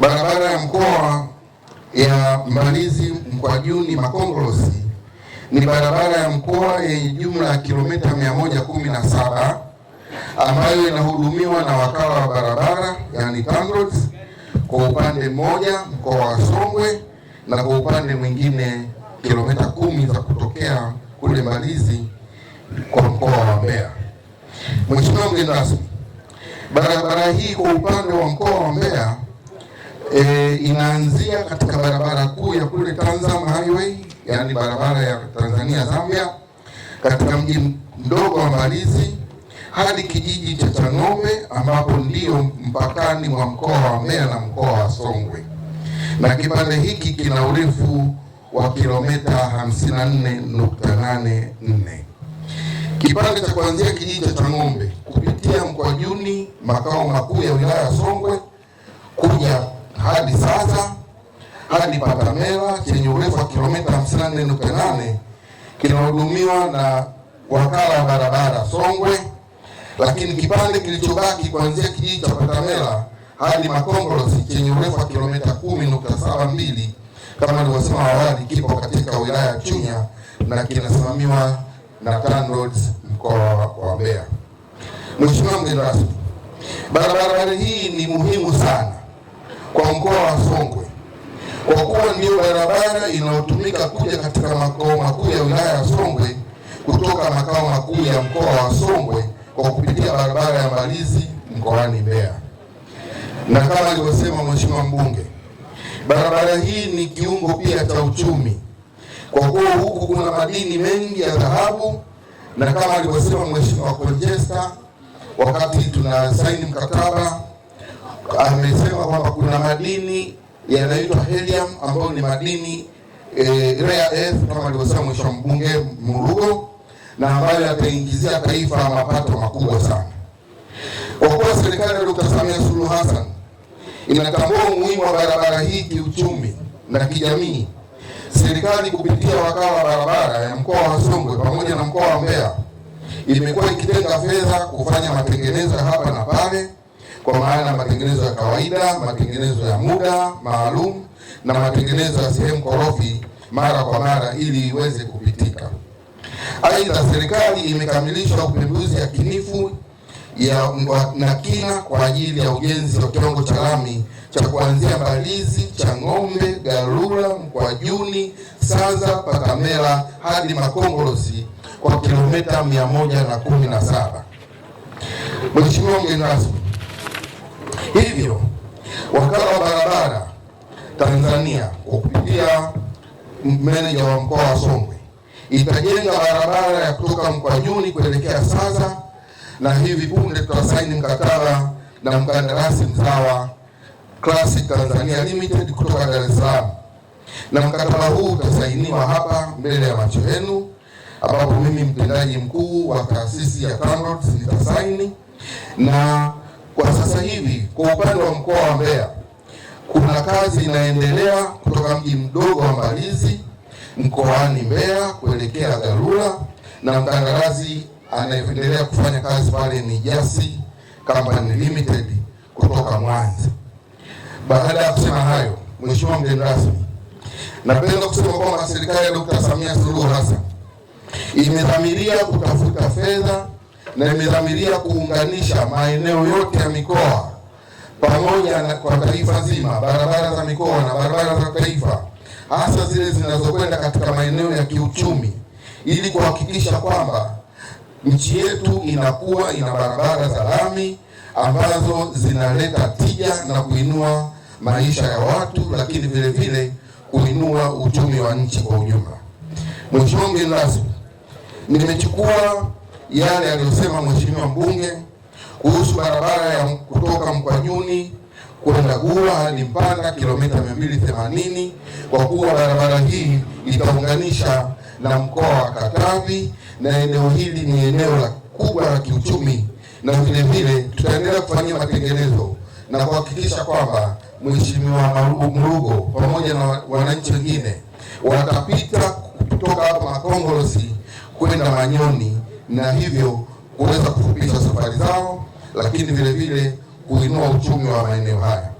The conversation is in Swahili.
barabara ya mkoa ya Mbalizi juni Makongolosi ni barabara ya mkoa yenye jumla ya kilomita 117 ambayo inahudumiwa na wakala wa barabara yani TANROADS kwa upande mmoja mkoa wa Songwe na kwa upande mwingine kilomita kumi za kutokea kule Mbalizi kwa mkoa wa Mbeya. Mheshimiwa mgeni rasmi, barabara hii kwa upande wa mkoa wa Mbeya e, inaanzia katika barabara kuu ya kule Tanzam Highway, yaani barabara ya Tanzania Zambia, katika mji mdogo wa Mbalizi hadi kijiji cha Chang'ombe ambapo ndiyo mpakani mwa mkoa wa Mbeya na mkoa wa Songwe, na kipande hiki kina urefu wa kilomita 54.84. Kipande cha kuanzia kijiji cha Chang'ombe kupitia Mkwajuni, makao makuu ya wilaya ya Songwe, kuja hadi sasa hadi Patamela chenye urefu wa kilomita 54.8 kinahudumiwa na wakala wa barabara Songwe, lakini kipande kilichobaki kuanzia kijiji cha Patamela hadi Makongolosi chenye urefu wa kilomita 10.72 kama nilivyosema awali kipo katika wilaya ya Chunya na kinasimamiwa na TANROADS mkoa wa Mbeya. Mheshimiwa mgeni rasmi, barabara hii ni muhimu sana kwa mkoa wa Songwe kwa kuwa ndio barabara inayotumika kuja katika makao makuu ya wilaya ya Songwe kutoka makao makuu ya mkoa wa Songwe kwa kupitia barabara ya Mbalizi mkoani Mbeya. Na kama alivyosema mheshimiwa mbunge, barabara hii ni kiungo pia cha uchumi, kwa kuwa huku kuna madini mengi ya dhahabu, na kama alivyosema mheshimiwa Conchester wakati tunasaini mkataba amesema kwamba kuna madini yanaitwa helium ambayo ni madini e, rare earth kama alivyosema mheshimiwa mbunge murugo na ambayo yataingizia taifa mapato makubwa sana. Kwa kuwa serikali ya Dkt. Samia Suluhu Hassan inatambua umuhimu wa barabara hii kiuchumi na kijamii, serikali kupitia wakala wa barabara ya mkoa wa Songwe pamoja na mkoa wa Mbeya imekuwa ikitenga fedha kufanya matengenezo hapa na pale kwa maana matengenezo ya kawaida, matengenezo ya muda maalum na matengenezo ya sehemu korofi mara kwa mara ili iweze kupitika. Aidha, serikali imekamilisha upembuzi yakinifu ya, na kina kwa ajili ya ujenzi wa kiwango cha lami cha kuanzia Mbalizi, Chang'ombe, Galula, Mkwajuni, Saza, Pakamela hadi Makongolosi kwa kilomita 117. Mheshimiwa mgeni rasmi Hivyo wakala wa barabara Tanzania kwa kupitia meneja wa mkoa wa Songwe itajenga barabara ya kutoka Mkwajuni kuelekea Saza, na hivi punde tutasaini mkataba na mkandarasi mzawa Classic Tanzania Limited kutoka Dar es Salaam, na mkataba huu utasainiwa hapa mbele ya macho yenu, ambapo mimi mtendaji mkuu wa taasisi ya TANROADS nitasaini na kwa sasa hivi kwa upande wa mkoa wa Mbeya kuna kazi inaendelea kutoka mji mdogo wa Mbalizi mkoani Mbeya kuelekea Galula, na mkandarasi anaendelea kufanya kazi pale ni Jasi Company Limited kutoka Mwanza. Baada ya kusema hayo, Mheshimiwa mgeni rasmi, napenda kusema kwamba serikali ya Dkt. Samia Suluhu Hassan imedhamiria kutafuta fedha na imedhamiria kuunganisha maeneo yote ya mikoa pamoja na kwa taifa zima, barabara za mikoa na barabara za taifa, hasa zile zinazokwenda katika maeneo ya kiuchumi, ili kuhakikisha kwamba nchi yetu inakuwa ina barabara za lami ambazo zinaleta tija na kuinua maisha ya watu, lakini vile vile kuinua uchumi wa nchi kwa ujumla. Mheshimiwa mgeni rasmi, nimechukua yale aliyosema mheshimiwa mbunge kuhusu barabara ya kutoka Mkwanyuni kwenda Gua hadi Mpanda kilomita 280 kwa kuwa barabara hii itaunganisha na mkoa wa Katavi, na eneo hili ni eneo la kubwa la kiuchumi, na vile vile tutaendelea kufanyia matengenezo na kuhakikisha kwamba Mheshimiwa mrugo pamoja na wananchi wengine watapita kutoka hapa Makongolosi kwenda Manyoni na hivyo kuweza kufupisha safari zao, lakini vile vile kuinua uchumi wa maeneo haya.